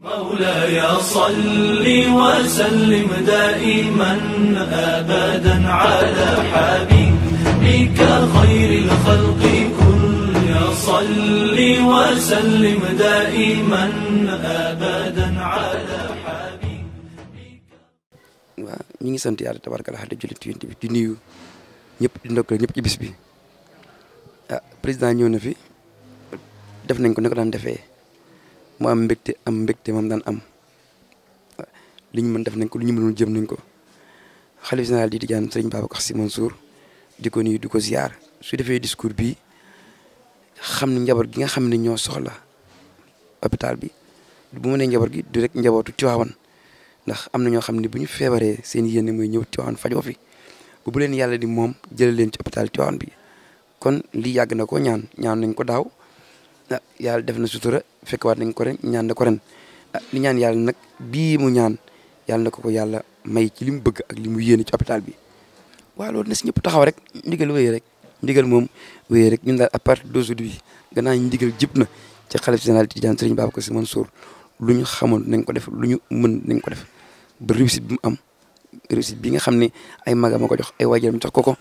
مولاي صل وسلم دائما ابدا على حبيبك خير الخلق كل صل وسلم دائما ابدا على حبيبك ñi ngi sant yàlla tabarakallah di jullit yonent bi di nuyu ñëpp di ndokkal ñëpp ci bis bi ah président ñëw na fi def nañ ko naka daan defee mu am mbégte am mbégte moom daan am li ñu mën def nañ ko li ñu jëm nañ ko xale xalif général di Tijaan sëriñ Babacar Sy Mansour di ko nii di ko ziar su defee discours bi xam ne njaboot gi nga xam ne ñoo soxla hôpital bi du mu nee njaboot gi du rek njabootu Tiwaawan ndax am na ñoo xam ne bu ñu feebaree seen yéene mooy ñëw Tiwaawan fajoo fi bu bu leen yàlla di moom jëlee leen ci hôpital Tiwaawan bi kon lii yàgg na ko ñaan ñaan nañ ko daaw ah, yàlla def na fekkewaat nañ ko ren ñaan ko ren ah li ñaan yàlla nag bii mu ñaan yàlla na ko ko yàlla may ci li mu bëgg ak li mu yéene ci hôpital bi waaw loolu na si ñëpp taxaw rek ndigal wéyee rek ndigal moom wéyee rek ñun daal à partir d'aujourd'hui gannaaw ndigal jib na ci xalif général Tijaan Sëriñ Babacar Sy Mansour lu ñu xamoon nañ ko def lu ñu mën nañ ko def ba réussite bi mu am réussite bi nga xam ni ay magam a ko jox ay waajaram jox ko ko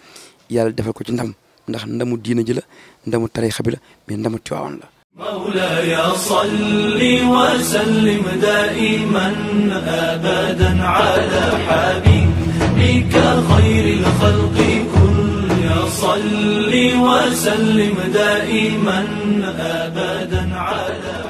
yàlla defal ko ci ndam ndax ndamu diina ji la ndamu tariixa bi la mais ndamu Tiwaawan la مولاي صل وسلم دائما ابدا على حبيبك خير الخلق كل صل وسلم دائما ابدا على حبيبك